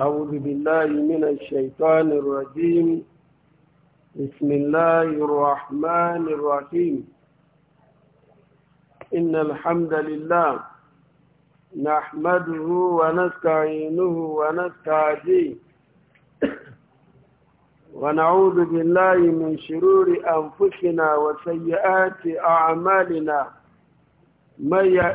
أعوذ بالله من الشيطان الرجيم بسم الله الرحمن الرحيم إن الحمد لله نحمده ونستعينه ونستعجيه ونعوذ بالله من شرور أنفسنا وسيئات أعمالنا من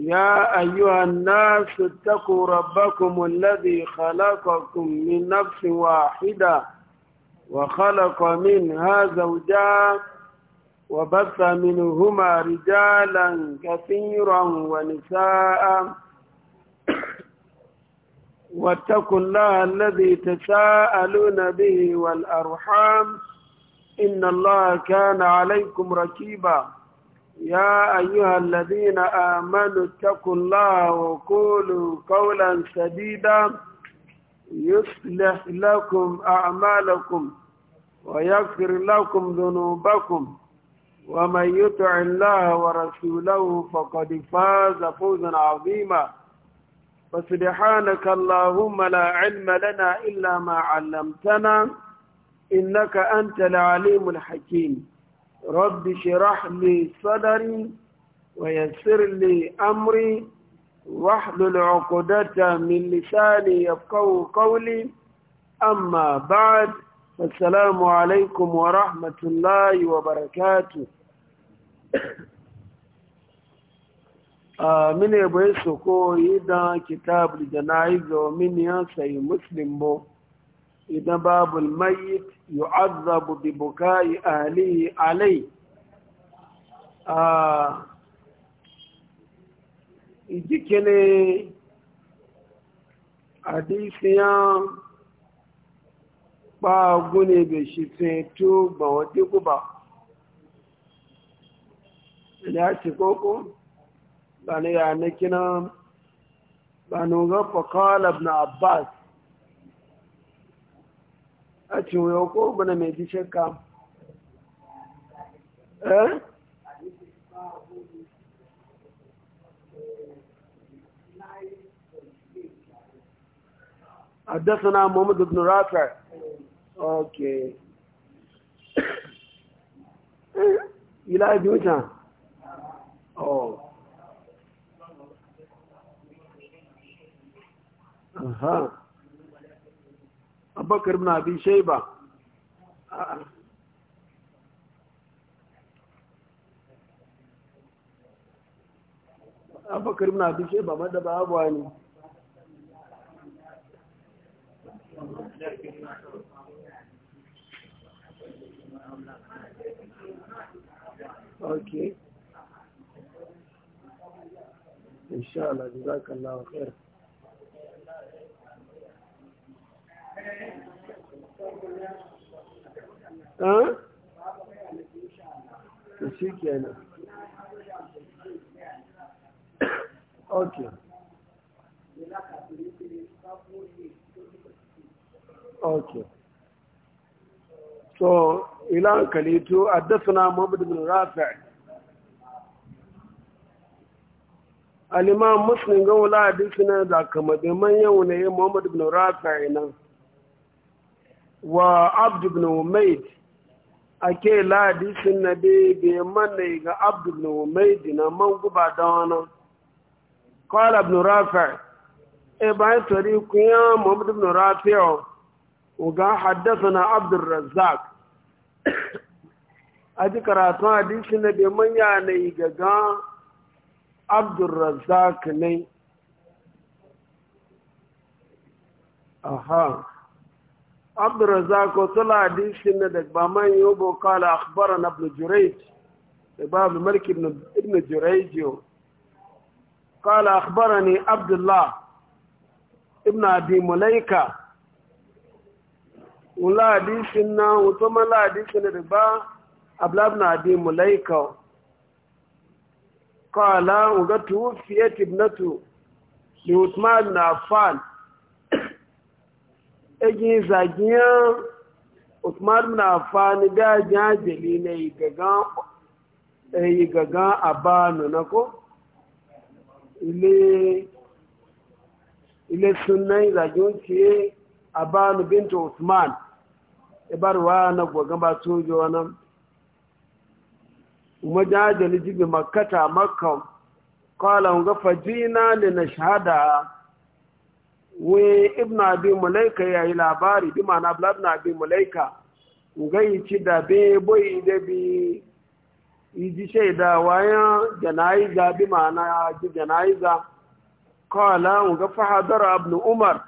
يا أيها الناس اتقوا ربكم الذي خلقكم من نفس واحدة وخلق منها زوجا وبث منهما رجالا كثيرا ونساء واتقوا الله الذي تساءلون به والأرحام إن الله كان عليكم ركيبا يا أيها الذين آمنوا اتقوا الله وقولوا قولا سديدا يصلح لكم أعمالكم ويغفر لكم ذنوبكم ومن يطع الله ورسوله فقد فاز فوزا عظيما فسبحانك اللهم لا علم لنا إلا ما علمتنا إنك أنت العليم الحكيم rabbi shirah li sadari wa yassir li amri wahlul 'uqdata min lisani yafqahu qawli amma ba'd assalamu alaykum wa rahmatullahi wa barakatuh a ah, mine boye soko yidan kitab li domin ya sayi muslim bo إذا باب الميت يعذب ببكاء أهله عليه آه إذكني حديثيا باغوني بشيتين تو باوتي كوبا لا شكوكو بني يعني كنا بنوغا فقال ابن عباس a cinwe ko bana mai ji shakka eh حدثنا محمد بن رافع اوكي الى جوتا اوه اها بكر بن أبي شيبة بكر من أبي شيبة ماذا بأبواني أوكي إن شاء الله جزاك الله خير to shi kenan ok ok so ila hankali to addasuna muhammad bin rafi' al-imam muslim ga wala hadisi na da kamar manyan wani muhammad bin rafi' nan wa abdu ibn umayd ake ladisin na bebe mana ga abdu ibn umayd na man guba da wani qala ibn rafi' e eh, bayan tori kuya muhammad ibn rafi' uga haddathana abd arrazzaq aji karatu hadisi na bai manya na yi abdu Razak ne aha عبد الرزاق وطلع حديث ان بامان يوبو قال اخبرنا ابن جريج باب الملك ابن ابن جريج قال اخبرني عبد الله ابن ابي مليكه ولا حديث ان وطمع لا حديث ان دغبا أبلا ابن ابي مليكه قال وقد توفيت ابنته لعثمان بن عفان egin zagiyan usman na fani da jajali na yi gagan abanu na ko ile sunan zagiyan ce abanu binta usman ibarwa na gwagan ba sojo wani majajali jibi makata makon kala ga fajina da na shahada we ibn abi mulaika ya yi labari bi mana bla ibn abi mulaika ngai ci da be boy da bi yiji shaida wayan janaiza bi ma'ana ji janaiza qala ga fa hadara ibn umar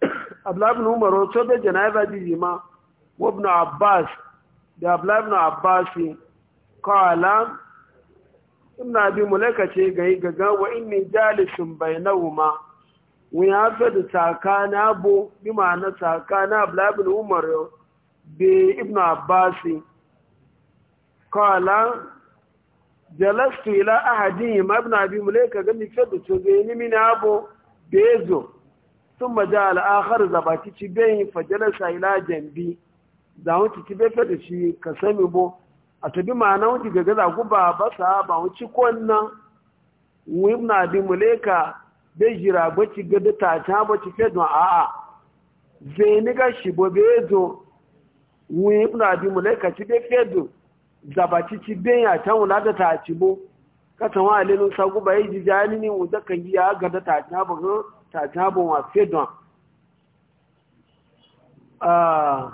abla ibn umar to be janaiza ji ma wa ibn abbas da abla ibn abbas qala ibn abi mulaika ce ga ga wa inni jalisun bainahuma wuya fe da tsaka na bo bi ma'ana tsaka na ablabin umar bi ibn abbasi kala jalastu ila ahadin ma ibn abi mulaika ga mi fe da to ga ni min abo bezo sun maja al'akhar zabaki ci bayin fajalasa ila jambi da wuce ci bai da shi ka sami bo a tabi ma'ana wuce gaga za ku ba ba sa ba wuce kwanna wimna di muleka bai jira ba ci gada ta ta ba ci fe don a'a zai ni ga shi bo be zo wi bi mu laika ci be fe do zaba ci ci be ya ta wula da ta ci bo ka ta wa alinu sa gu ba yi jani ni wu da yi ya gada ta ta ba ta ta ba wa fe don ah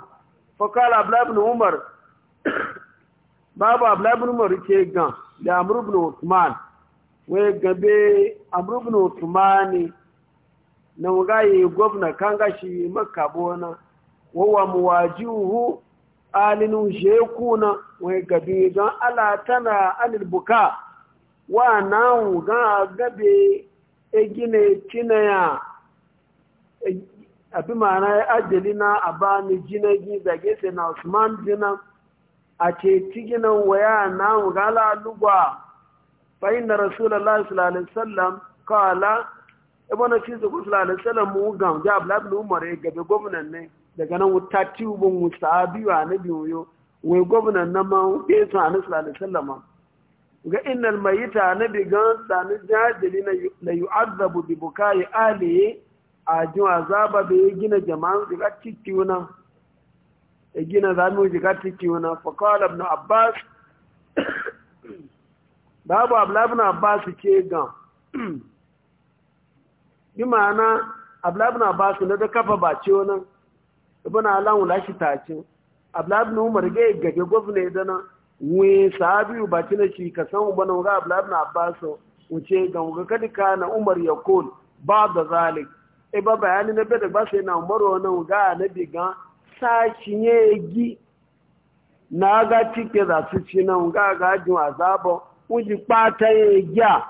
fa kala abla ibn umar babu abla ibn umar ke gan da amru ibn usman wai gabe amurbin otumani na wugaye gwamna kan gashi makabona wawa muwajihu alinu shekuna wai gabe don ala tana alilbuka wa na wuga gabe egine ya abi ma'ana ya ajali na jina gi da gese na usman jina a ce cikinan waya na wuga ala فإن رسول الله صلى الله عليه وسلم قال mu ga ja abla ibn umar ya ne daga nan wuta tubun musabi wa nabi yo wai gwamnan nan ma bai san annabi sallallahu alaihi wasallam ga innal mayita nabi ga sanu jajili na yu'azzabu bi bukai ali a ji azaba bai gina jama'an daga titiuna ya gina zamu daga titiuna fa qala abbas babu ablabin abbas ke ga bi ma'ana ablabin abbas na da kafa ba ce wani ibn alan wulashi tace ablabin umar ga gage gwamna na we sahabi ba ci na shi ka san ubana ga ablabin abbas wuce ga kadi ka na umar ya kol ba da zalik e ba bayani na bada ba sai na umar wannan ga annabi ga sashi ne gi na ga cike za su ci wuga ga gajin azabon wuji kpata ya gya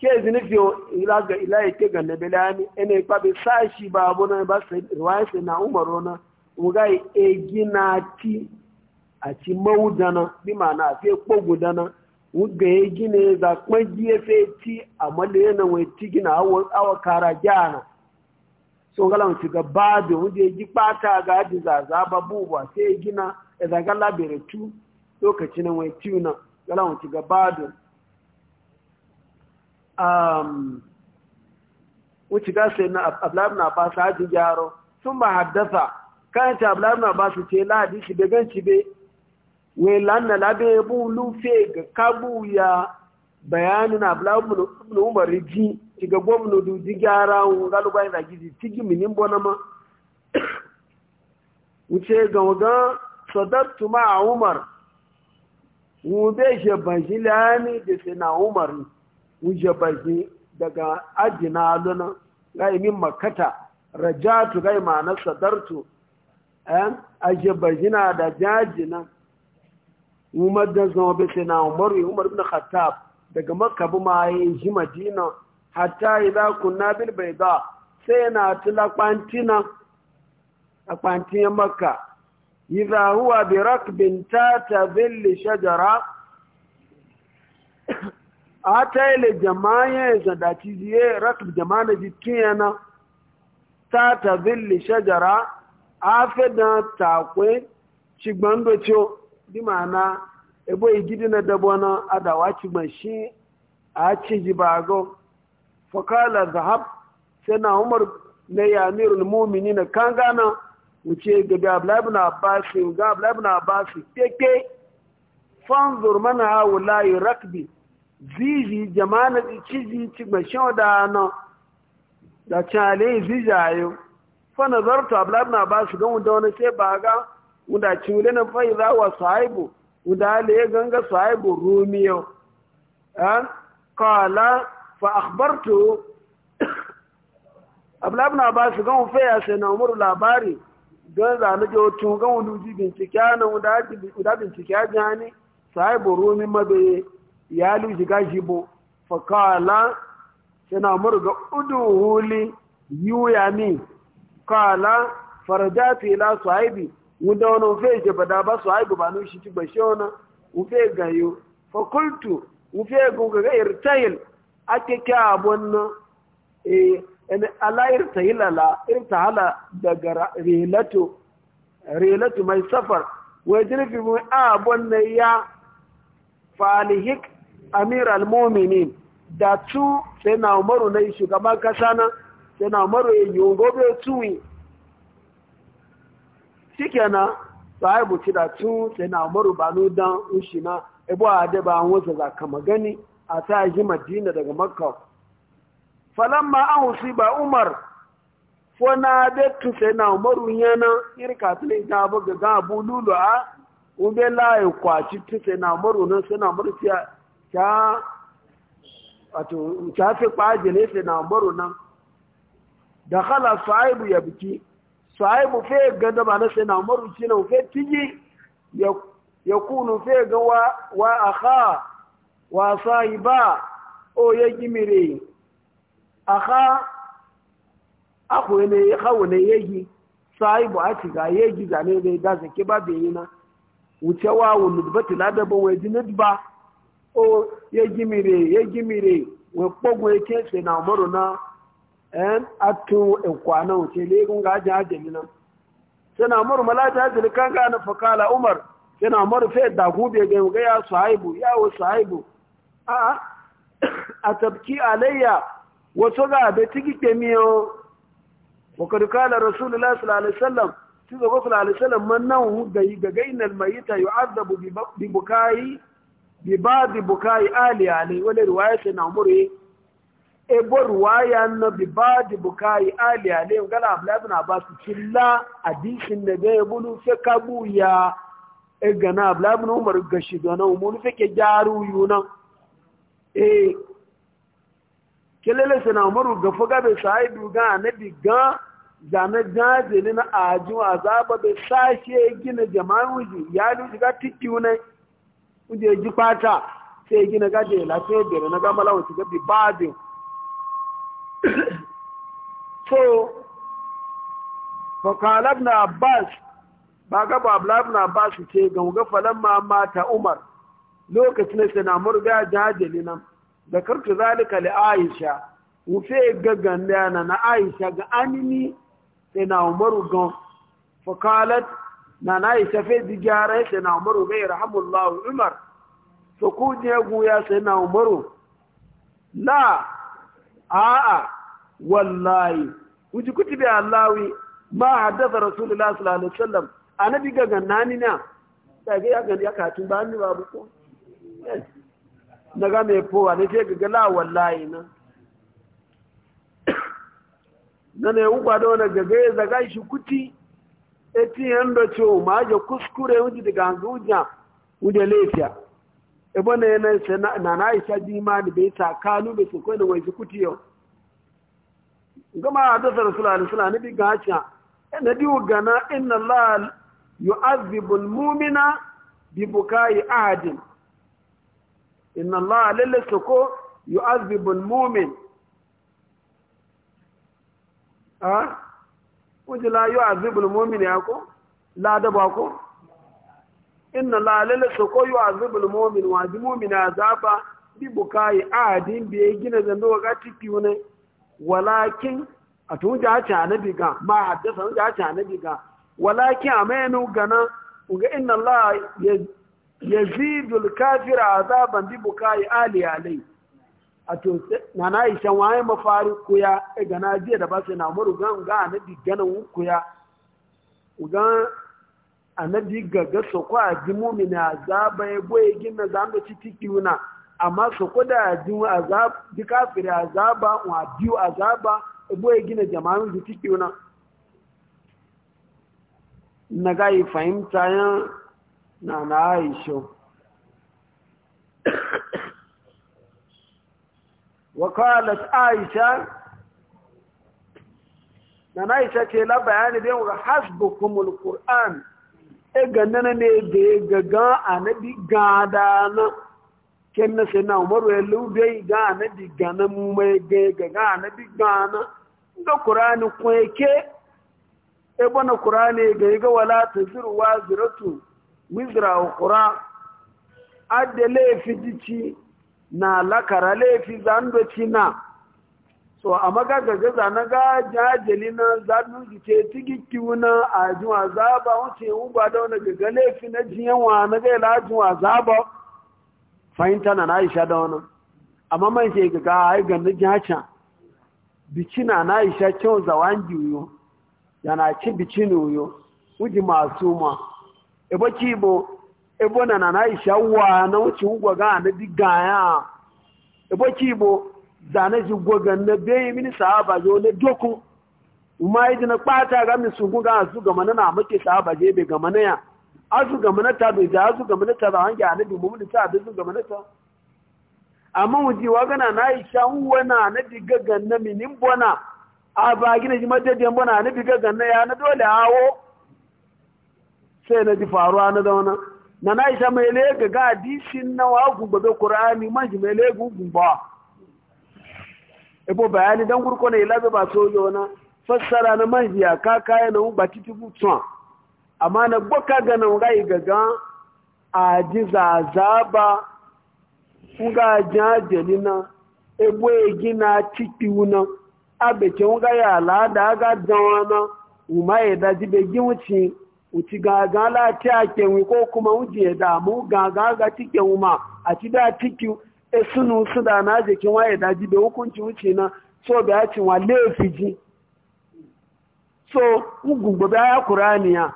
ke zinifi ilaga ilayi ke ga na belani ene kwa bi sashi ba abu na ba sai ruwaye sai na umaru na wuga egi na ti a ci mawudana bi ma'ana a fiye kpogudana wuga egi ne za kuma giye fe ti a malaye na wai ti gina awa kara gyana sun galan su ga babu wuje ji kpata ga adi za babu ba sai gina ya zaga labirin tu lokacin wai tiyu na galawun ti gabadun wuce gasa na ablabin abbas haji gyaro sun ba haddasa kayan ta ablabin su ce lahadi shi da ganci be wai lanna labe bu lufe ga kabu ya bayanin ablabin umar ji ti ga gwamna duji gyara wun galubayin da gizi ti giminin bonama wuce ga wagan sadattu ma a umar wube shabashi lami da sina umaru wujabashi daga ajina luna gai min makata rajatu gai ma sadartu eh, a shabashi na da jajina umar da zama bai sina umaru umar bin khattab daga makabu ma ya yi shi madina hatta ila kunna bil bayda sai na tula kwantina a kwantiyan makka idha huwa birakbin tata dhilli shajara hata ile jamaa yeza datizie rakb jamaa na tata dhilli shajara afeda takwe chigbando cho bi mana ebo igidi na dabona adawa chigbashi a chijibago fakala dhahab sana umar na ya amirul mu'minin kangana wuce gabi ablabin abasi ga ablabin abasi keke fanzur mana hawo layi rakbi ziji jamana ciji cimashin da na da cale ayo fa nazartu ablabin abasi don wanda wani sai ba ga wanda ciwule na fai za wa sahibu wanda le ganga sahibu rumiyo kala fa akhbartu ablabin abasi wani fai ya sai na umaru labari don zane da wato ga wani uji bincike na guda bincike a sai buru ni mabe ya lushi gashi bo fakala suna murga udu huli yuya mi kala farja fila sahibi wanda wani ufe ke bada ba sahibu ba nushi ci bashi wani ufe gayo fakultu ufe gungaga irtail ake kya abun nan eh, ene ala irta hilala irta hala daga relatu rilato mai safar wai jirfi mu abon na ya falihik amir al-muminin da tu sai na umaru na isu kasa na sai umaru ya yi gobe tuwi shikenan sahibu ci da tu sai umaru ba nu dan ushi na a da an wasa za kama gani a ta yi madina daga makka falamma an ba umar fona da tufe na umaru yana irka tilin ta buga ga abu lulu a ube laye kwaci tufe na umaru nan suna umaru ta wato ta fi kwaje ne fi na umaru nan da kala sahibu ya biki sahibu fe gada ba na sai na umaru shi na fe tiji ya kunu fe ga wa akha wa sahiba o ya gimire aka akwai ne ya kawo ne yegi sai bu ci ga yegi ga ne dai da zake ba bai yi na wucewa wa nudbati ba wai ji ba o yegi mire yegi mire wai kpogo ya kese na umaru na en eh, atu ikwana wuce ne kun ga ajin ajali na sai na umaru malaji ajali kan na fakala umar sai na umaru fe da gube ga ya sahibu yawo sahibu a ah, a ah, tabki alayya wato ga abe tiki kemiyo wa kad kala rasulullah sallallahu alaihi wasallam ti ga sallallahu alaihi wasallam man nan da ga gainal mayita yu'adabu bi bukai bi ba'di bukai ali ali wala riwaya sai na umuri e bo riwaya na bi ba'di bukai ali ali gala abla ibn abbas killa hadisin da ga bulu sai kabuya e gana abla ibn umar gashi gana umul ke jaru yunan eh kelele sana umaru ga fuga bai sai duga annabi ga zame gaje ne na aju azaba bai sashe gina jama'u ji ya lu ga tikkiu ne uje ji pata sai gina gaje la sai bere na ga malawu ci ga bi badin so fakala ibn abbas ba ga babla ibn abbas ce ga ga falan ma mata umar lokacin sai na murga jajeli nan zakartu zalika li aisha wufe gaggan na aisha ga anini sai na umaru gan fakalat na na aisha fe gyara sai na umaru bai rahamullahu umar so ku je guya sai na umaru la a'a wallahi uji kutubi allawi ma haddasa rasulullah sallallahu alaihi wasallam annabi gaggan nani na sai ga ya ga ya katun ba ni babu ko na ga mai fowa ne ce ga la wallahi na na ne uba da wani gaga ya zaga shi kuti eti yanda ce o ma je kuskure wuji daga hanzu wuja wuje lafiya ebo na yana na na isa ni bai ta kanu bai su kwai da wai kuti yau gama a dasa rasula rasula na bi gacha e na bi gana inna la yu'azzibu mumina bi bukai ahadin inna Allah lalle su ko azibin mumin a kuji la azibin mumin ya ko la da ko inna Allah lalle su ko azibin mumin wa mumin ya zaba, bi bukai adin bi ya gina zando ga tiki wani walakin a tun ja ta na ga, ma haddasa ja ta na ga, walakin amenu gana ga inna Allah yazidul kafir azaban bi bukai ali alai ato na na isha waye mafari kuya e ga na je da ba na muru gan ga na di ganan kuya ugan anabi gaga so ko aji mumina azaba e boye gina zamba citiki una amma so ko da aji azab di kafir azaba wa biu azaba e boye gina jama'u citiki una na ga yi fahimta yan na na aisha وقالت عائشة e na na aisha ce la bayani da yawa hasbukumul qur'an e ganana ne da ya gaga anabi gada na ken na sai na umaru ya lube ga anabi gana mu mai ga gaga anabi gana ga qur'ani kweke e bana qur'ani e ga e ga wala taziru wa ziratu wizra kura adda laifi jici na lakara laifi zandoci na so a magagaga zana ga jajali na zanu jike tigiki wuna a juwa zaba wuce ugba da wani gaga laifi na jiyanwa na ga ila juwa zaba fahimta na na isha da wani amma man ke gaga a yi ganin jaca bici na na isha kyau zawan jiyo yana ci bici ne wuyo wuji masu ma ebo kibo ebo na na aisha wa na wuce ugwa ga na diga ya ebo kibo zane ji gwaga na bayi mini sahaba yo le doku ma yi na kpata ga mi sungu ga azu ga mana na make sahaba je be ga mana ya azu ga mana ta be da azu ga mana ta ba hange annabi mu ta da azu ga mana ta amma wuji wa ga na aisha wa na na diga ga na minin bona a ba gina ji madadin bona na diga ga na ya na dole hawo sai na ji faruwa na zauna na na isa mai lega ga adishin na wa gumbabe ƙura'ani man shi mai lega gumba ebo bayani don gurko na ilabe ba sojo na fassara na man ya ka kaya na ba titi butuwa amma na gboka ga na ga gaga a ji zazaba nga jajeli na ebo egi na titi na abeke nga ya ala da aga dawa na umar ya e daji be gi wuce uci gaga lati a kenwi ko kuma wuce damu gaga ga tike ma a ci da tiki e sunu su da na jikin waye da jibe hukunci wuce na so da ya ci wa laifi ji so ugun gobe ya kuraniya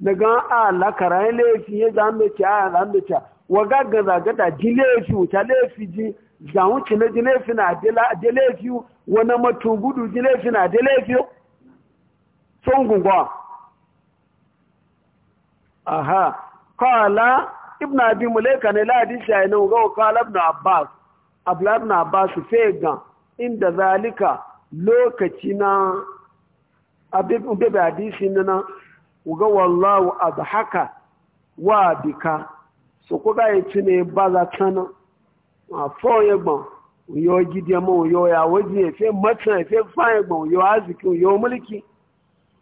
daga a lakara ya laifi ya zambe ci a zambe ci wa gaga zaga da ji laifi wuce laifi ji zawun ci na ji wa na de laifi wani matugudu ji laifi na adela laifi so ugun gwa aha qala ibn abi mulaika ne la di shay no go ibn abbas abla ibn abbas fega inda zalika lokaci na abin bebe hadisi na uga wallahu adhaka wa bika so ko ga yi ne ba za tsana ma fo ye gbon uyo gidi mo uyo ya woji e fe matan e fe mulki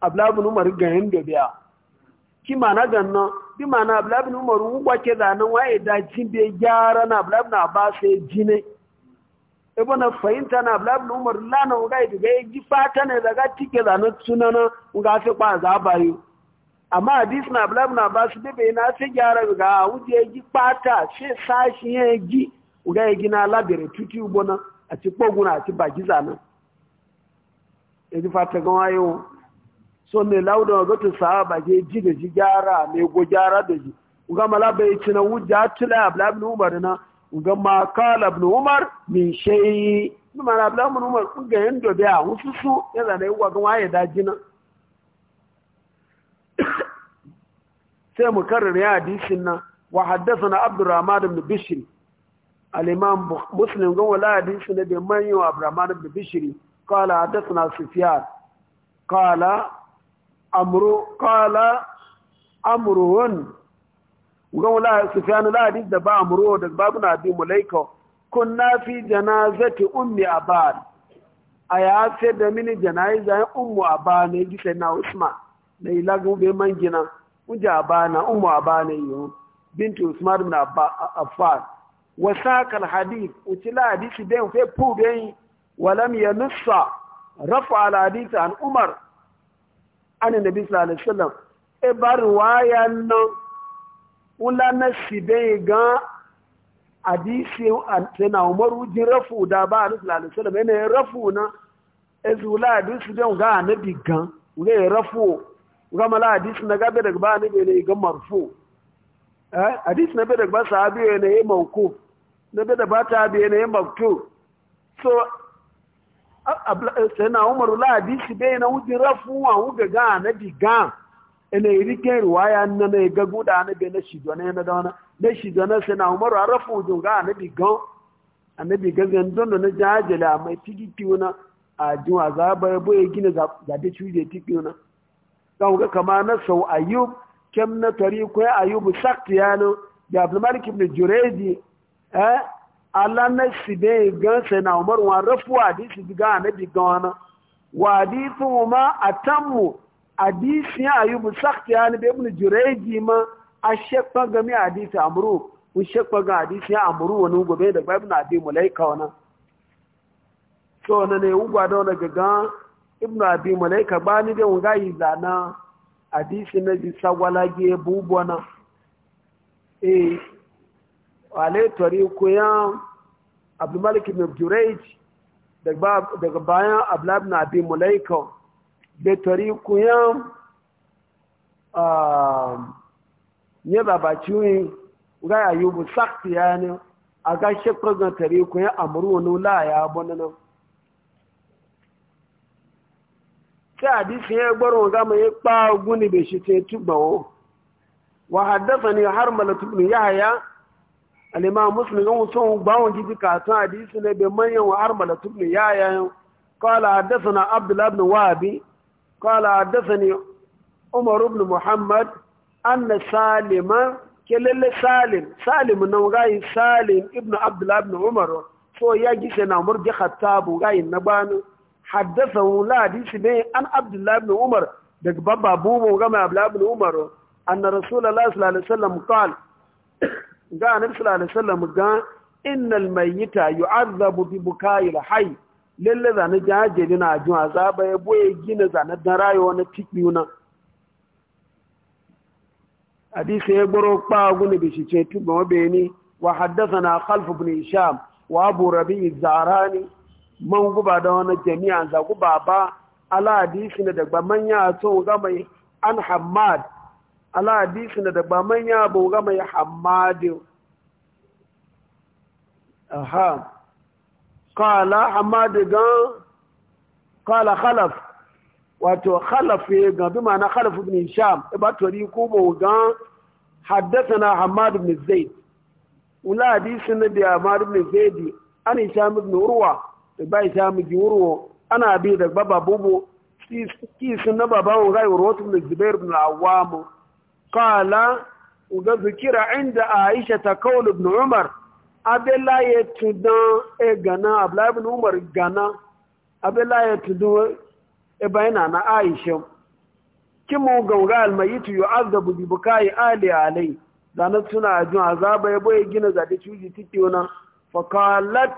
ablabun umar gayen da biya ki mana ganna bi mana ablabun umar ngwa ke e da waye da jin be gyara na ablabun ba sai jine e bana e fahimta na ablabun umar la na ngai da ga ji fata ne daga tike da nan sunana nga fi kwa za amma hadis na ablabun abbas da na sai gyara ga wuje ji fata she sashi ye ji nga ji e na labire tuti ubona a ci kpoguna a ci bagiza nan e fata gan wayo so mai lauda wa gatun sahaba ke ji da ji gyara mai go gyara da ji uga mala bai ci na wujja tula abla ibn umar na uga ma kala ibn umar min shay ma mala abla ibn umar ga yando biya wususu ya zana yi wagan waye da jina sai mu karrara ya hadisin nan wa haddathana abdurrahman ibn bishr al-imam muslim gan wala hadisin da bai manyo abdurrahman ibn bishr qala haddathana sufyan qala amru qala amruun ga wala sufyanu la hadith da ba amru da babu na bi mulaika kunna fi janazati ummi abad aya fe da mini janaiza ummu abane ji sai na usman da ilagun be mangina uja abana ummu abane yo binti usman ibn affan wa saka al hadith utila hadisi da fe pu be walam yanussa rafa al hadith an umar anin da bisa alisallam e bari ya nan wula na sibe ga hadisi tana umaru rafu da ba alisallam alisallam yana yin rafu na e hadisi don ga anabi gan ga rafu ga mala hadisi na gabe daga ba ne ga marfu hadisi na bai daga ba sahabi ne ya mauku na bai da ba ta ne ya maktu so Eh, sayana umaru ladi shi bai na wuji rafuwa wuga ga na diga ina yi rike ruwaya na na ga guda na bai na shido na yana dawana na shido na sayana umaru a rafu wujin ga na diga a na diga zandon da na jajala mai tigiti wuna a jiwa za a bai bai gina zaɓe cuje tiki wuna don ga kama na sau ayub kem na tari kwaya ayubu sakti yano da abdulmalik ibn juredi eh alanasi be gansa na umar wa rafu hadisi na bi gawana wa hadithu ma atamu hadisi ya ayubu sakti an be ibn jureji ma a shekpa gami hadisi amru un shekpa ga hadisi ya amru wani gobe da ibn abi mulaika wana so na ne ugwa da ga gaga ibn abi mulaika ba ni da wanga yi zana hadisi na ji sagwalage bubona eh wale tori koyan abdulmalik ibn jurej daga baya abdullab na abi mulaika da tori koyan ne babaciwi ga ayubu sakti ya ne a ga shekwar ga tori ya amuru wani la ya bonana tí àdísí ẹgbọ́rún ọ̀gá mọ̀ yẹ́ pàá ogún níbi ìṣẹ́ tí túgbọ̀n wa wà hàdáfà ni harmala ya haya. الإمام مسلم يوم سوء باون جيدي كاتنا حديثنا بمن يوم أرملة ابن يايا قال عدثنا عبد الله بن وابي قال عدثني عمر بن محمد أن سالم كلل سالم سالم نو غاي سالم ابن عبد الله بن عمر سو يجي سنا عمر جي خطاب غاي نبان حدثه لا حديث بي أن عبد الله بن عمر دك بابا بومو غاي عبد الله بن عمر أن رسول الله صلى الله عليه وسلم قال ga annabi sallallahu alaihi wasallam ga innal mayyita yu'azzabu bi bukayil hayy lalle jaje zuwa. na ajin azaba ya boye gina zane dan rayuwa na tikbiyu na hadisi ya gboro guni bi shi ce ba be ni wa haddasa na khalfu isham wa abu rabi zarani man guba da wani jami'a za guba ba ala hadisi na daga manya to ga mai an hamad ala hadisi na daga manya ba ga mai hamadin aha kala hamadu gan kala khalaf wato khalaf ya gan bi ma'ana khalaf ibn hisham ba tori ko ba gan haddathana hamad ibn zaid wala hadisi na da hamad ibn zaid an hisham ibn urwa da ba hisham ibn urwa ana bi da baba bubu ki sun na baba wa gai urwa ibn zubair ibn awwamu kala uga zikira inda aisha ta kawul ibn umar abela ya tudan e gana abla ibn umar gana abela ya tudan e bayana na aisha kimu gauga almayitu yu'azzabu bi bukai ali alai zanen suna ajin azaba ya boye gina zaɗe cuji titi wani fakalat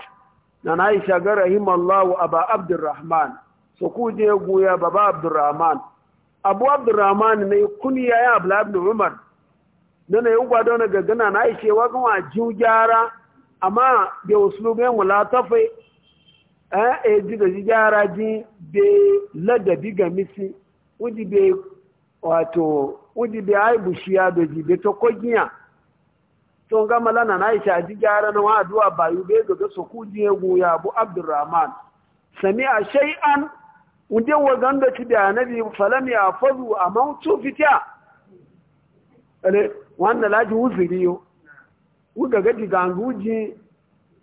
na na isha ga rahimallahu aba abdurrahman su ku je goya baba abdurrahman abu abdurrahman ne kuniya ya abla ibn umar ne yugo da na gaggana na yi cewa kuma jiw gyara amma da usulubin wula ta fai eh eh ji da ji gyara ji be ladabi ga misi Wudi be wato wuji be ai bushiya da ji be to kogiya to ga malana na yi cewa ji gyara na wa addu'a bayu be ga so kuji ya abu abdurrahman sami'a shay'an wunde wa ganda ci da nabi falam ya fazu amma su fitiya ale wanda laji uzuri yo uga gadi ganguji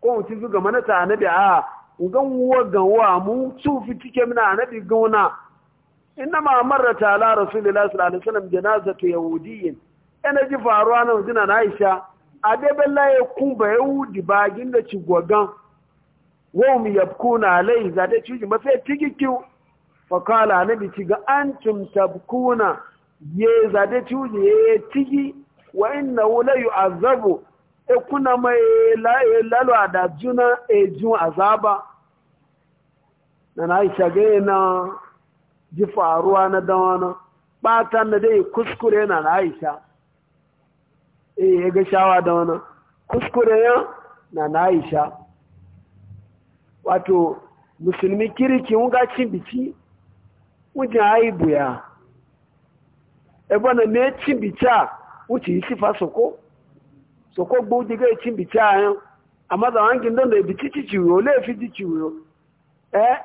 ko wuti zuga mana ta nabi a ugan wa ganwa mu su fitike mina nabi gona inma marrata ala rasulillahi sallallahu alaihi wasallam janazatu yahudiyyin ana ji faruwa na wajina na Aisha adebella ya e kumba yahudi e bagin da ci gwagan wa um yabkuna alai zade ci mafi tikikiu fakala na biki ga an tumtabkuna ye zade cuji ye tigi wa inna wula yi azabu e kuna mai e lalwa da juna e jun azaba na na aisha ga na ji faruwa na dawana batan na dai kuskure na na aisha E, ya ga shawa da wani kuskure ya na na aisha wato musulmi kirki wunga cin biki wujin aibu ya ebe na me cimbica wuce yi sifa soko soko gbogbo diga ya cimbica yan amma da wangin don da ya bici ci ciwo laifi ji ciwo eh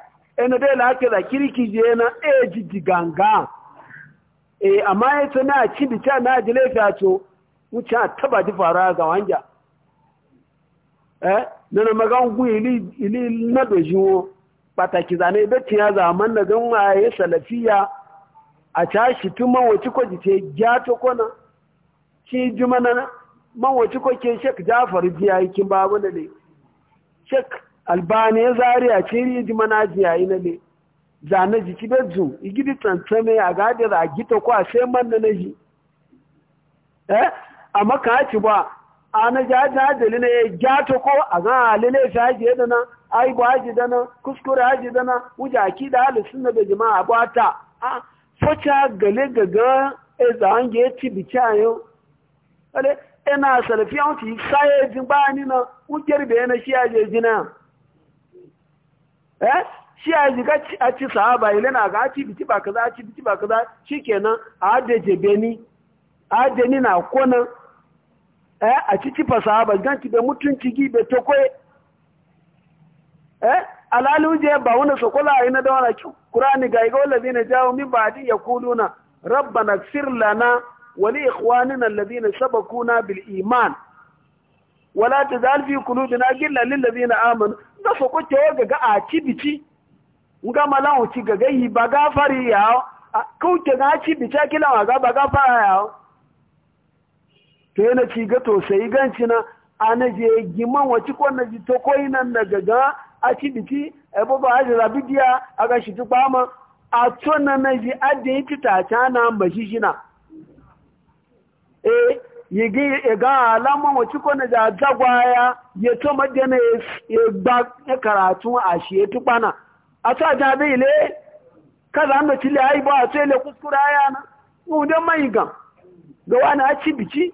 ina dai lake da kirki je na e jiji ganga eh amma ya na cimbica na ji laifi a to wuce fara ga wanja eh nana magan ili ili na dojiwo Bataki zane dattin ya zaman na gan waye salafiya a tashi tun mawaci ko ce ya to kona ki juma na mawaci ko ke shek jafar biya kin babu na ne shek albani ya zari a ciri juma na ya yi na ne zane jiki ki bezu igidi tsantsame a gadira a gita ko a sai man na na ji eh amma ka ci ba ana jaja dalila ya jato ko a ga alile shi haji yadda na aibu haji da na kuskure haji da na wuce aki da halin suna da jima'a ba ta a focha gale gaga e za an ga ci bici a yau ale ina e salafi an ci saye jin ba ni na ujar da yana shi aje jina eh shi aje ga a ci sahaba ile na ga ci bici ba kaza ci bici ba kaza shikenan a da jebe a da ni na konan eh a cikin zan ganci da mutunci gi da tokoye eh alaluje ba wani sokola ina da kyau. qur'ani ga ga wallazina jawo min ba ya yaquluna rabbana ighfir lana wa li ikhwanina alladhina sabaquna bil iman wala tazal fi qulubina illa lil ladina amanu da sokoce ga ga a cibici nga malawo ci ga ga yi ba gafari ya kauce ga cibici kila ga ba gafara ya to yana ci ga to sai ganci na je giman wace ko na ji to koyi nan daga ga a ci biki ai baba haji rabidiya a ga shi ti bama a to na na ji adde yi ta ta na ba shi shina eh yi ga ga alama wace ko na ja jagwaya ya to madana ya ba karatu a shi ya tukwana a ta da bai le kaza an da tile ai ba a tele kuskura na mu dan mai ga ga wani a ci biki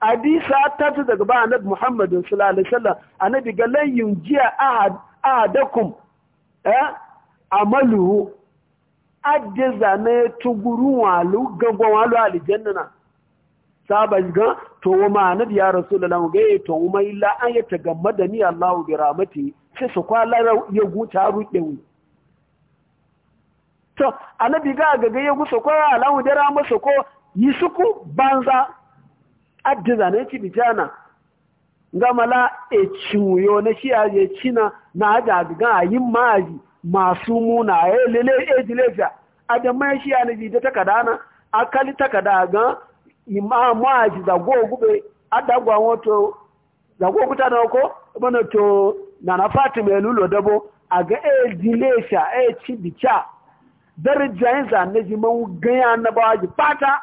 hadisa ta daga ba annabi Muhammadin sallallahu alaihi wasallam annabi ga lan yunjiya ahadakum eh amaluhu zane ne tuguru walu gangon walu aljanna na saba ga to wa ma annabi ya rasulullahi ga to ma illa an ya da ni Allahu bi rahmati sai su kwala ya guta wu to annabi ga ga ya gusa ko Allahu da rahmasa ko yi suku banza adda zane ci bitana gamala e ciwo na shi a je cina na da ga ayin maji masu muna ya e lele e dilefiya adam mai shi yana ji da takada na akali takada ga imamu aji da go gube adagwa wato da go kuta na ko bana to na na fatima e lulo dabo aga e dilesha e ci bicha darajar zane ji man ganya na bawaji fata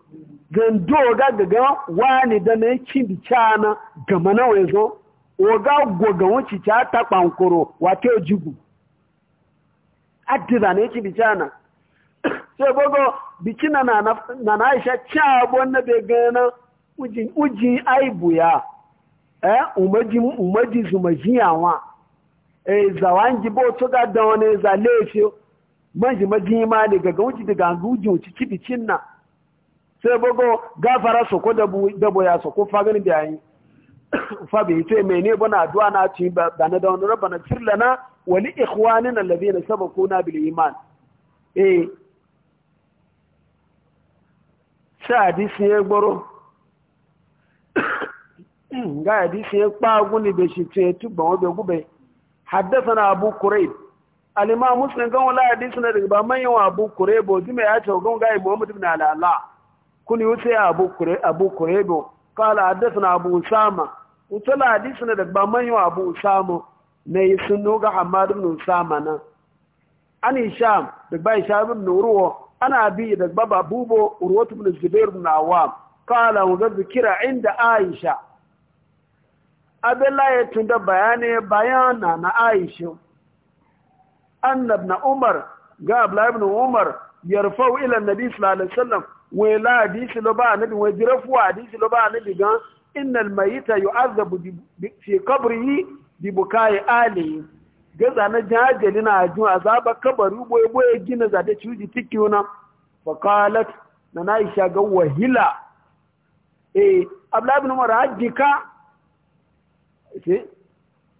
gando ga gaga wani da na yakin bicana gama na wezo oga goga wuci ta ta kwankuro wato jigu adira na yakin bicana sai gogo bikina na na Aisha cha bonna be gana uji uji aibu ya eh umaji umaji zumaji yawa eh zawangi bo to ga da wani za lefi manji maji ma ne gaga wuci daga guji wuci kibicin na sai bogo gafara su ko da ya su ko fagin fa bi ce mene bana addu'a na ci da na da wani rabbana sirlana wa li ikhwanina alladhina sabaquna bil iman eh sadi sai gboro ga hadisi ya kpagun ne bai shi ce tubban be gube haddasa na abu kurai alima muslim gan wala hadisi na daga ba manyan abu kurai bo jima ya ce gan ga muhammad ibn ala alala kun wuce abu kurebo kala haddasa abu usama wuce la hadisi na daga manyan abu usama na yi suno ga hamadu ibn usama nan an sha, daga ba isham ibn ruwa ana bi daga ba babubo urwatu ibn zubair ibn awam kala wa zikira inda aisha abela ya tunda bayani bayana na aisha annab na umar ga abla ibn umar yarfau ila nabi sallallahu alaihi wasallam wai la hadisi lo ba annabi wai fu hadisi lo ba anabi gan innal mayita yu'azzabu fi qabrihi bi bukai ali gaza na jajali na ajun azaba kabari boye boye gina zade cuji tikiyuna fa qalat na aisha ga wahila eh abla ibn umar hajjika ce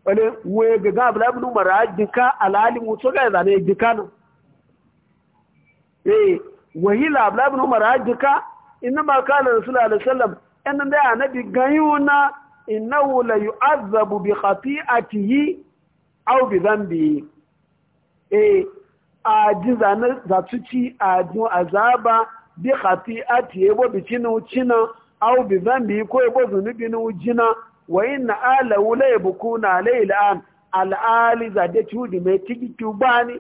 wale we ga ga abla ibn umar hajjika alalim so ga zane jika no eh wahila ablabin umar hajjika inna ma kala rasulullah alaihi wasallam annan da annabi gayuna wula la azabu bi khati'atihi aw bi dhanbihi eh a ji zane zatuci a jin azaba bi khati'ati yabo bi cinu cina aw bi dhanbihi ko yabo zunubi ni ujina wa inna ala la yabkuna laylan al ali zade tudi mai tigi tubani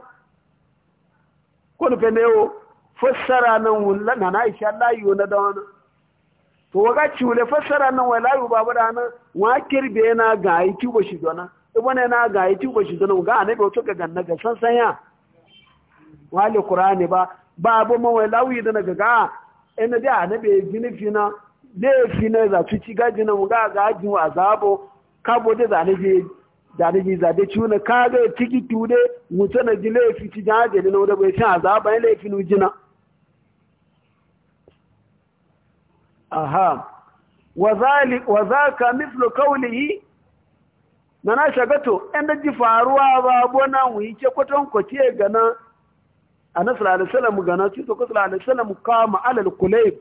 ko ne o fassara nan wulla na na isha layu na da wani to waga wule fassara nan wa layu babu da nan wa kirbe na ga yi ba shi dona ne na ga yi ba shi dona ga anabi wato ga ganna ga san sanya wali qur'ani ba babu ma wa layu da na ga ina eh, da bai jini fina laifi na za su ci gaji na ga ga ajin azabo kabo da zanabi zanabi zabe ciwuna kaga tiki tude mutana ji laifi ci jaje ne na wadda bai cin azaba ya eh, laifi nujina aha wa zaka mithlu qawlihi nana shagato inda ji faruwa ba na mu yake kwaton kwace gana annabi sallallahu alaihi wasallam gana ci to sallallahu alaihi wasallam kama alal kulayb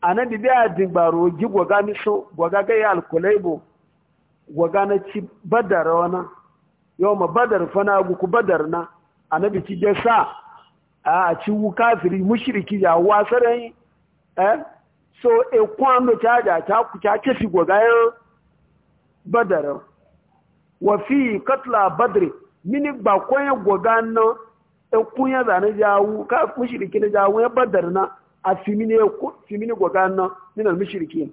annabi bi adin baro gi goga mi so goga ga ya al kulaybo goga na ci badar wana yawma badar fana gu ku badar na annabi ci ga sa a ci wu kafiri mushriki ya wasarai eh so e kwano ta da ta ku kashi ce shigo wa fi katla badri mini ba koyan goga nan e kunya na jawu ka mushriki na jawo ya badar na a fimini mini e fimini goga nan min al ti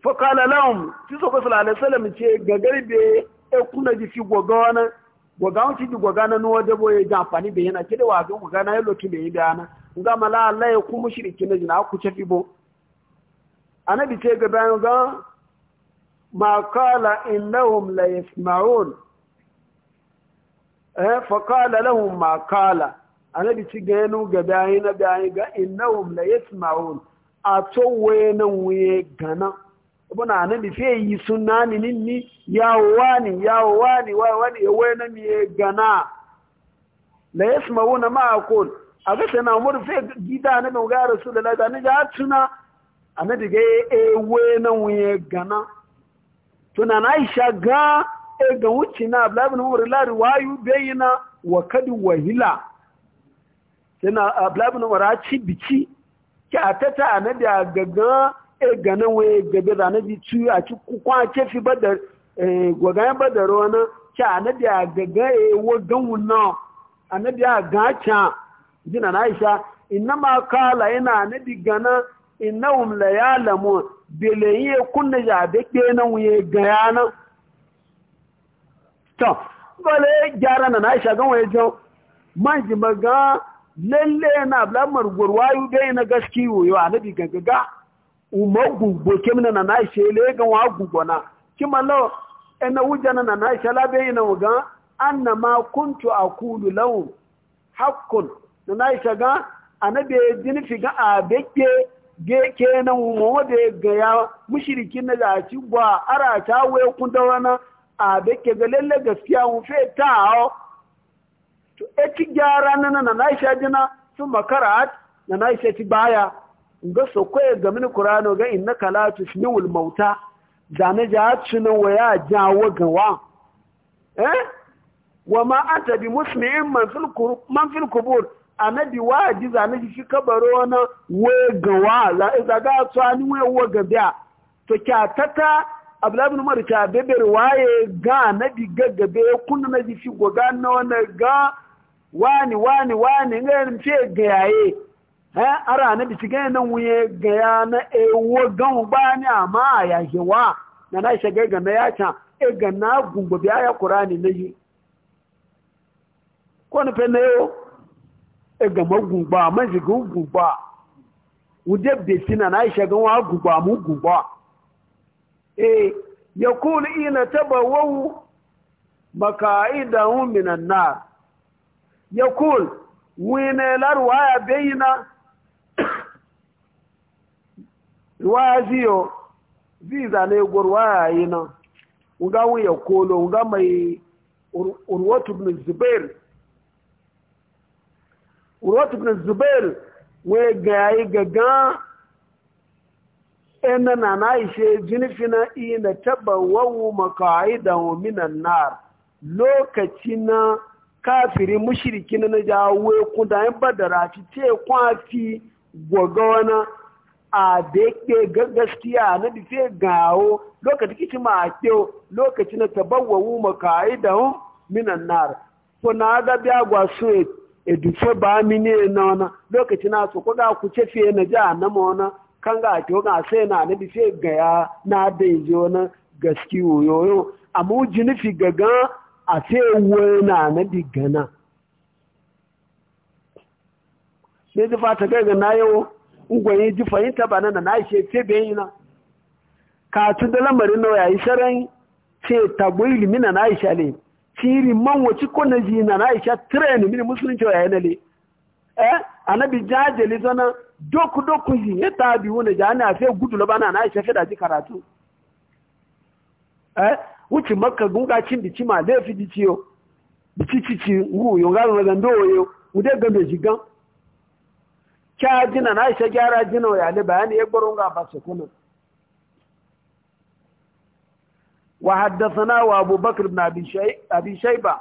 so ko sallallahu alaihi wasallam ce gagarbe e kuna ji fi goga wana goga ji goga nan waje boye ja amfani da yana kida wa goga na yalo tube yana nga mala Allah ya ku mushriki na jina ku cafi bo annabi ce ga bayan ga ma qala innahum la yasma'un eh fa qala lahum ma qala annabi ci ga yanu ga bayan na bayan ga innahum la yasma'un a to wayenan waye gana buna annabi fe yi sunna ni ni yawo wani yawo wani wani ya wayenan mi gana la yasma'una ma aqul aga sai na umar fe gida na ga ga rasulullahi da ni ga tuna annabi e ewe na wuye gana tuna na aisha ga e ga wuci na abla ibn umar la riwayu bayina wa kad wahila tuna abla ibn umar ci bici ki atata annabi gaga e gana wuye gabe da bi tu a ci kwa ce fi badar e, gwagan badar wani ki annabi gaga e gan ganwun na annabi ga can jina na aisha inna ma kala yana na digana inna um la bele beleyi kunna ya de na wuye gayana to bale gyara na aisha gan waye jo man ji maga lalle na blamar gurwayu dai na gaskiyo yo annabi gagaga umagu boke mina na aisha le gan wa gugona lo ena wujana na aisha labe ina wuga annama kuntu aqulu lahu haqqun na na isha ga anabe jini fi ga a beke ge kenan mu da ga ya mushriki na da ci ba ara ta we kun da wana a beke ga lalle gaskiya mu fe ta to e ci gyara na na na isha jina su makarat na na isha ci baya ga so koye ga mini qur'ano ga innaka la tusmiul mauta zane ja cinin waya jawo gawa eh wa ma anta bi musmi'in man fil qubur anabi wa jiza na shi kabaro na wegawa la iza ga tsani we waga biya to tata abla ibn umar ta bebe riwaye ga anabi gaggabe kunna na ji shi goga na wannan ga wani wani wani ne ne ce ga yaye ha ara anabi ci ga nan wuye ga ya na e wagan ba ni amma ya hewa na na shiga ga na ya ta e ga na gumbo biya ya qur'ani ne yi ko ne fe ne yo egama gungba manziga gungba wude betina na aisha gan wa gungba mu gungba eh yakulu ina tabawu makaidahu minan nar yakul wina la ruwaya bayina ruwaya ziyo ziza ne gurwaya yina unga wu yakulu unga mai urwatu ibn zubair urwatu ibn zubair wai gayi gaga ina na na ishe jinifina ina taba wawu maka'ida wa minan nar lokaci na kafiri mushiriki na jawo kuda yin badara ci ce kwafi gwagwana a da yake gaskiya na bife gawo lokaci kici ma a kyau lokaci na tabawawu maka'ida wa minan nar kuna ga biya gwaso edufe ba mini na wana lokaci na su kuga ku ce fiye na ja na mawana kan ga ake wani sai na na bife ga ya na da je wani gaski yoyo amma uji nufi gaga a sai wani na na bi gana ne ji fata ga ga na yau ungwaye ji fahimta ba na na ishe ce bayi na ka tun da lamarin ya, yayi sarai ce tagbo ilimina na ishe ne Kiri man wace kuna ji na na isha tren mini musulunci wa yanale eh anabi jajali zana doku doku ji ya tabi wani jani a sai gudu la na isha fida ji karatu eh wuce makka gunga cin bici ma lefi di ciyo bici cici ngu yonga na gando yo ude gando jigan kya jina na isha gyara jina wa yale bayani ya gboronga ba su kunan وحدثنا وابو بكر بن ابي شيبه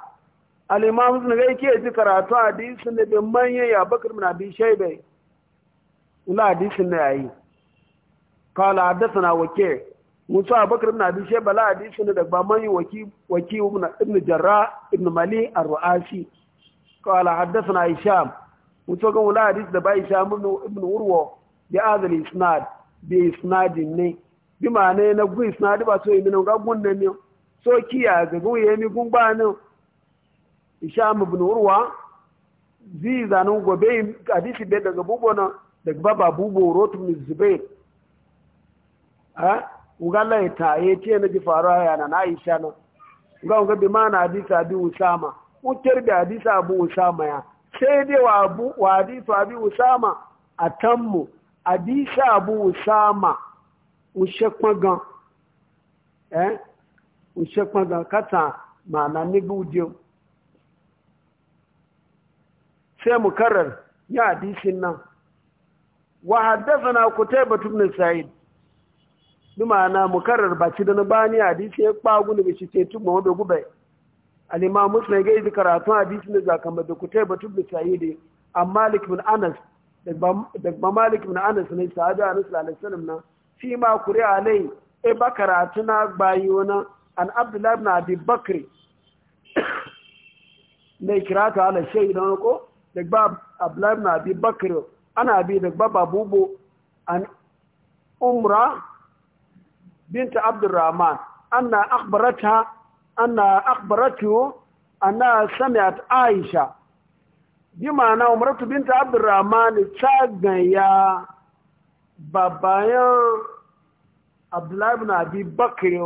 الامام ابن كي يجي كراتو حديث نبي من يا بكر بن ابي شيبه ولا حديث نعي قال حدثنا وكي موسى بكر بن ابي شيبه لا حديث ندك بمن وكي وكي ابن ابن جراح ابن مالي الرؤاسي قال حدثنا هشام موسى قال لا حديث ده هشام ابن عروه بهذا الاسناد بإسناد ني bi na ne na gu isnadi ba so yi nan ga gun ne so kiya ga gun ye mi gun ba nan isham ibn urwa zi zanun gobe hadisi be daga bubo na daga baba bubo rotu min zubair ha ugalla ta ye ce na ji faruwa ya na aisha na ga ga bi ma na hadisi abi usama ukir da hadisi abu usama ya sai dai wa abu wa hadisi bi usama atammu hadisi abu usama ń ṣe gan ẹ́ ń ṣe gan kátà màánà nígbà òdiò sai mu karar ya hadisin nan wa haddasa na kutai batun sa'id bi ma'ana mukarrar ba ci da na bani hadisi ya kpagu ne bishi tetu ma wanda gube alima musulun karatun hadisi ne za kama da kutai batu da sa'idi a malik bin anas daga malik bin anas ne sa'adu anas alaihissalam na fi ma kuri alai e ba karatu na bayo na an abdullahi ibn abi bakri ne kiratu ala shay don ko da ba abdullahi ibn abi bakri ana bi da ba babubo an umra bint abdurrahman anna akhbarata anna akhbaratu anna sami'at aisha bi ma'ana umratu bint abdurrahman ta ganya babayan abdullahi bin abi bakir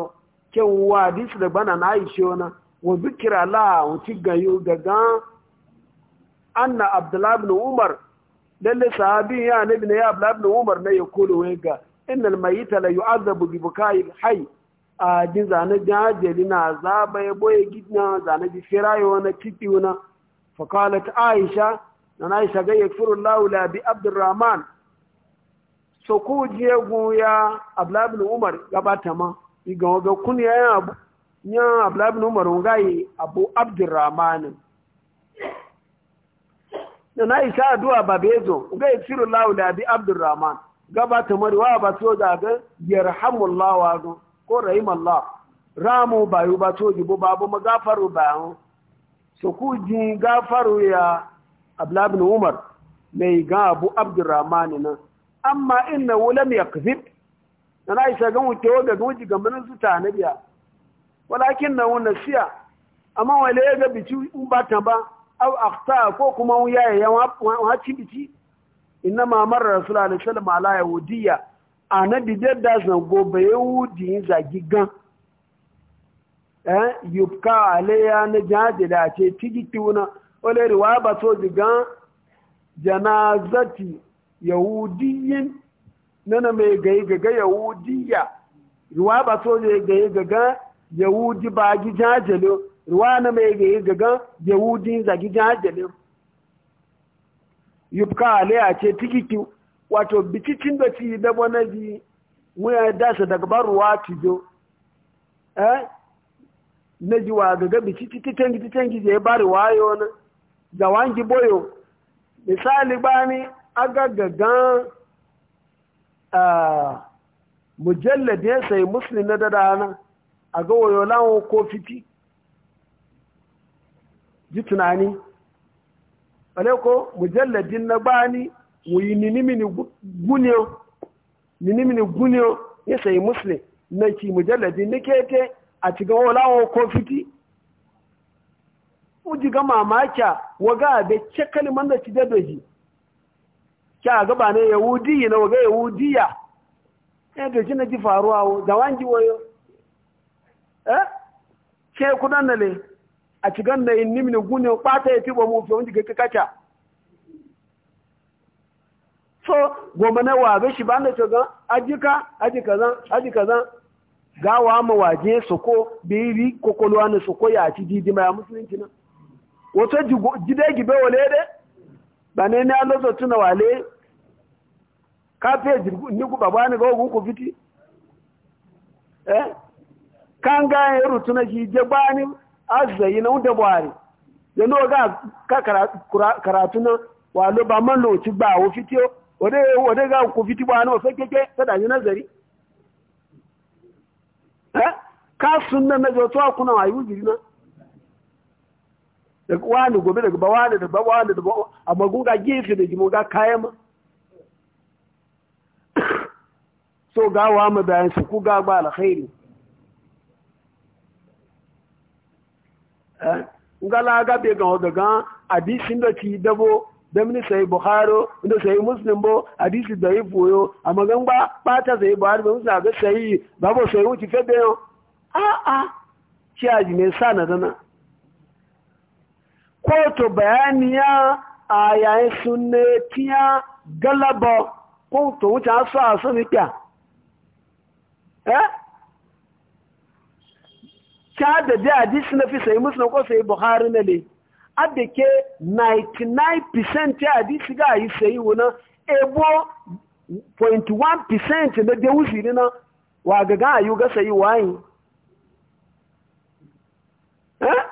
ke wa hadisi da bana na aisha wani wa zikira la wuci gayu gaga anna abdullahi bin umar lalle sahabi ya nabi na ya abdullahi bin umar na ya kulu wega ga innal mayyita la yu'adhabu bi bukai hayy a jin zane jajeli na zaba ya boye gidna zane bi firayo na titi na fakalat aisha na aisha ga yakfuru allah la bi abdurrahman so ku je goya abdullahi umar gabata ma iga waga kun ya abu ya abdullahi umar wanga yi abu abdurrahman na na isa addu'a ba zo ga yafiru lahu da bi abdurrahman gabata ma wa ba so da ga yarhamullahu wa ko rahimallah ramu bayu ba so jibo babu magafaru bayan so ku ji gafaru ya abdullahi umar mai ga abu abdurrahman nan amma inna ya yakzib na isa gan wuce wa gaga wuce gambanin su ta na biya walakin na wuna siya amma wale ya ga bici in ba ta ba au akta ko kuma wuya ya wa ci bici inna ma rasul alaihi ala yahudiya anabi da zan gobe yahudi zagi gan eh yubka alaya na jajila ce tigiti wuna wale riwa ba so gan janazati yahudiyin nana mai gayi gaga yahudiya ruwa ba so ne gayi gaga yahudi ba gi jajalo ruwa na mai gayi gaga yahudi za gi jajalo yubka alaya ce tikiki wato bikicin da ci da wani ji ya dasa daga ban ruwa jo eh na ji wa gaga bikici titangi titangi je bari wayo na zawangi boyo misali bani aga gagan mujalladin sai muslim na da dana a ga wayo lawon ko fiti ji tunani ɓale ko mujalladin na bani wuyi ninimini guniyo ninimini guniyo ya sai muslim na ki mujalladin na kete a ci ga wayo lawon ko fiti uji ga mamakiya waga da ce kalman da ci da dadoji ki a gaba ne yahudi na waga yahudiya eh to kina ji faruwa wo da wangi woyo eh ke kudan na le a cigan na in nimni gune kwata ya tibo mu fi wani ga kakacha so goma na wabe shi banda to ga ajika ajika zan ajika zan gawa mu waje soko biri kokolwa ne soko ya ci didi ya musulunci nan wato jide gibe wale de ba ne ne an lozo tuna wale kapeji niku bwani gogo huko fiti eh kanga yero tuna jije bwani azza ina unde bwari yano ga ka karatu na walo ba manlo ti gba wo fiti o ode ode ga ku fiti bwani o sekeke da ni nazari eh ka sunna na jo to akuna ayu jirina da wani gobe daga ba wani da ba wani da ba amma gunga gifi da jimu ga kayama so gawa mu bayan su ku gaba alkhairi eh, ngala ga be ga ga ga hadisin da ci dabo da mini sai bukhari da sai muslim bo hadisi da yi foyo amma gan ba ba ta sai buhari ba musa ga sai ba bo sai wuci fe beyo a a ci aji ne sana dana ko to bayaniya a yayin sunne tiya galaba ko to wuce asu asu ne kya eh ka da da hadisi na fi sai muslim ko sayi buhari na le abike 99% ya hadisi ga yi sai wona ebo 0.1% na da wusi na wa agaga ga ayu ga sai wayi eh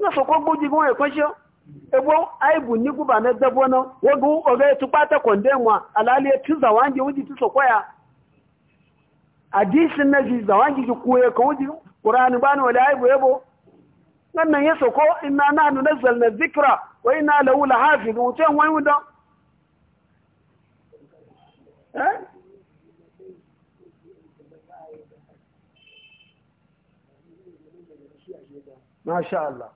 na so ko gboji go e kwesho ebo aibu ni guba na dabo na wogu oga etu pata kondenwa alali etu zawange wuji tu sokoya hadisin na ji zawangi ki koye ka wuji qur'ani ni wala aibu yabo wannan ya soko inna nahnu na zikira wa inna lahu lahafizun wutan wani wudan eh masha Allah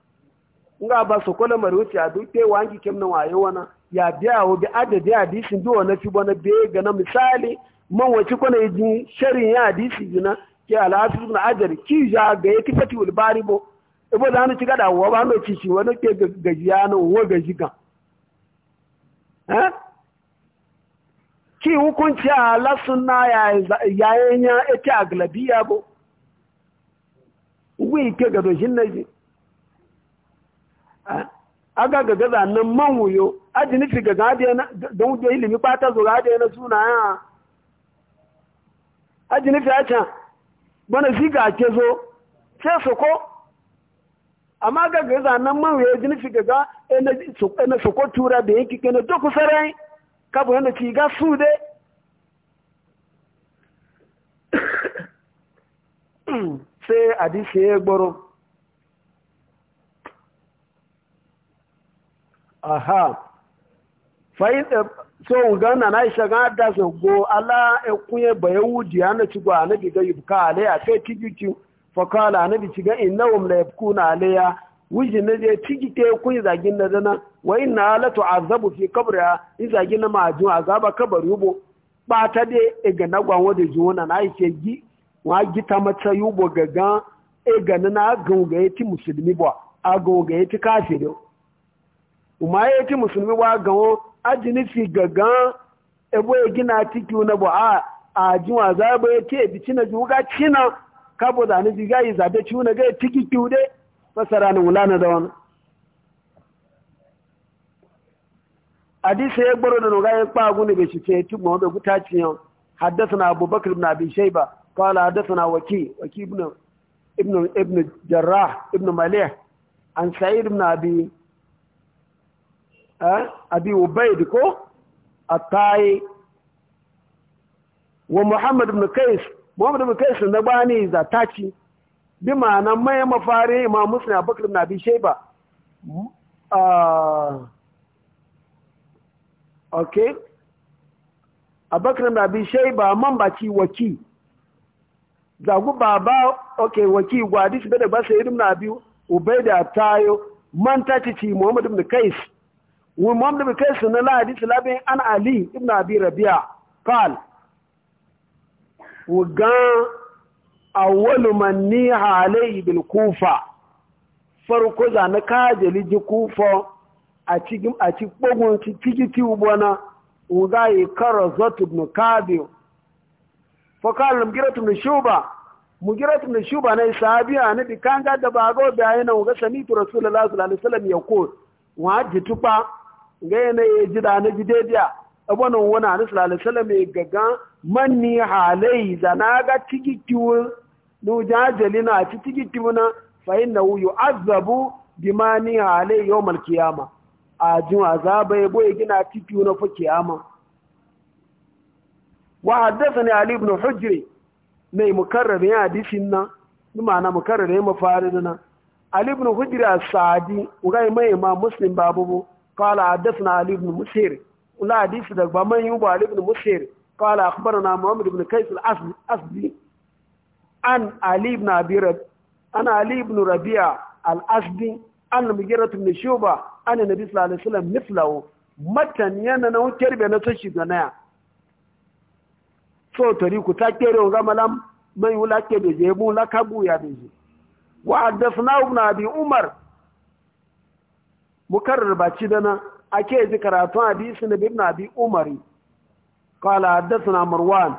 nga ba su kola maruci a duk dai wangi kim na wayo wana ya biya wa bi adadi hadisin duwa na fi bona be ga na misali man wace kwana ji sharin ya hadisi jina ke alhafiz na ajar ki ja ga ya tifati wal baribo ibo da hannu cigada wa ba hannu cici wani ke gajiya na wa gaji kan ki hukunci a lasun na yayin ya ake aglabiya bo ugbe ike ga dojin na ji aga ga gaza nan man wuyo aji nufi ga gadiya na don ilimi kwata zo gadiya na suna ya aji nufi a can bana ziga ake zo ce su ko amma ga ga zanen man ya ji nufi gaga na su ko tura da yanki kene to ku sarai ka bu yana ci ga su de sai hadisi ya gboro aha fayin eh, so gana na isha gana da san go ala kunye ba yahudi ana ci gwa anabi ga yubka alaya sai tigiki fakala anabi ci ga innahum la ale alaya wuji na je tigite kun zagin na dana wa inna la tu'azabu fi qabriha in zagin na majun azaba kabari yubo ba ta de e ga na gwa wode juwona na ishe gi wa gita mata yubo gaga e ga na gunga ti musulmi ba a gunga ti kafiri umaye ti musulmi wa gawo ajini fi gagan ebo ya gina tiki na bo a jiwa za ba ya ke bici na ji wuga cina ka da ni ji gayi zabe ci na ga tiki kiude fasara ni wulana da wani hadisi ya gbaro da nuga ya kpa gune bai shice ci mu da guta ci yau na abubakar ibn abi shayba qala na waki waki ibn ibn ibn jarrah ibn malih an sa'id ibn abi Eh? abi ubaid ko atai wa muhammad ibn kais muhammad ibn kais na bani zataci bi ma'ana mai mafari imam muslim abubakar ibn abi shayba ah. okay abubakar ibn abi shayba mambaci waki zagu baba okay waki gwadi shi da ba sai ibn abi ubaid atayo man taci ci muhammad ومام دبي كيس نلا حديث لابين عن علي ابن أبي ربيع قال وقال أول من نيها عليه بالكوفة farko za na kajali ji kufa a cikin bugun ciki tubona uga yi kara zatu ibn kabil fakal mugiratu ibn shuba mugiratu ibn shuba ne sahabiya ne bi kan ga da bago da yana uga sami tu rasulullahi sallallahu alaihi wasallam ya ko wa ji tuba ga yanayi jida na jidediya abunan wani hannun salalisala mai gaga manni halai zana ga tigikiwu nujajali na ci tigikiwu na fahim na wuyo azabu bimani halai yau yama a jin azaba ya boye gina tigikiwu na fa kiyama wa haddasa ne ali ibn hujri mai mukarrar ya hadisin nan ma'ana mukarrar ya mafarin nan ali ibn hujri a sa'adi ugai mai ma muslim babu قال حدثنا علي بن مسير ولا حديث ده بما يبو علي بن مسير قال اخبرنا محمد بن كيس اصلي ان علي بن ابي رب انا علي بن ربيع الاصلي ان مجرة بن شوبه ان النبي صلى الله عليه وسلم مثله متن yana نو تربه bai na sun shiga naya تاكيرو غملام ku ta كده wa لا mai يا بيجي da ابن ابي عمر mukarrar baci dana ake ji karatun hadisi na bin abi umari qala haddathana marwan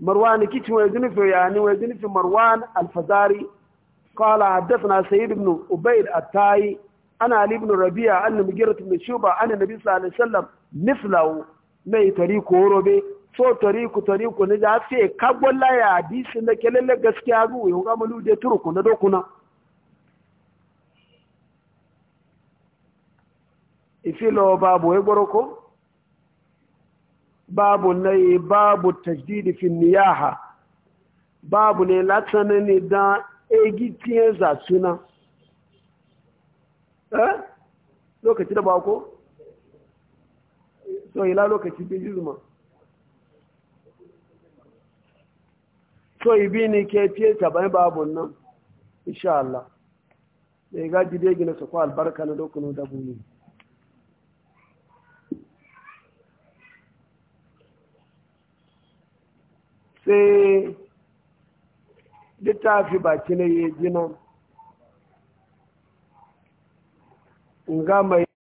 marwan kici wa zinfi yani wa zinfi marwan al-fazari qala haddathana sayyid ibn ubayd at-tai ana ali ibn rabi'a an mugirah ibn shuba an nabi sallallahu alaihi wasallam mithlahu mai tariko robe so tariku tariku ne da sai kagwalla ya hadisi na kelele gaskiya ruwa ga malu je turku na dokuna filo babu ya ko babu na yi babu tajdidi fi niyaha babu ne latsana ne don egitiyar zatsuna eh lokaci da bako so ila lokaci bin juma so ibi ni ke fiye ban babu nan insha Allah da ya gaji dai gina su kwa albarka na dokunan dabuni sai littafi baki na yi jinan nga mai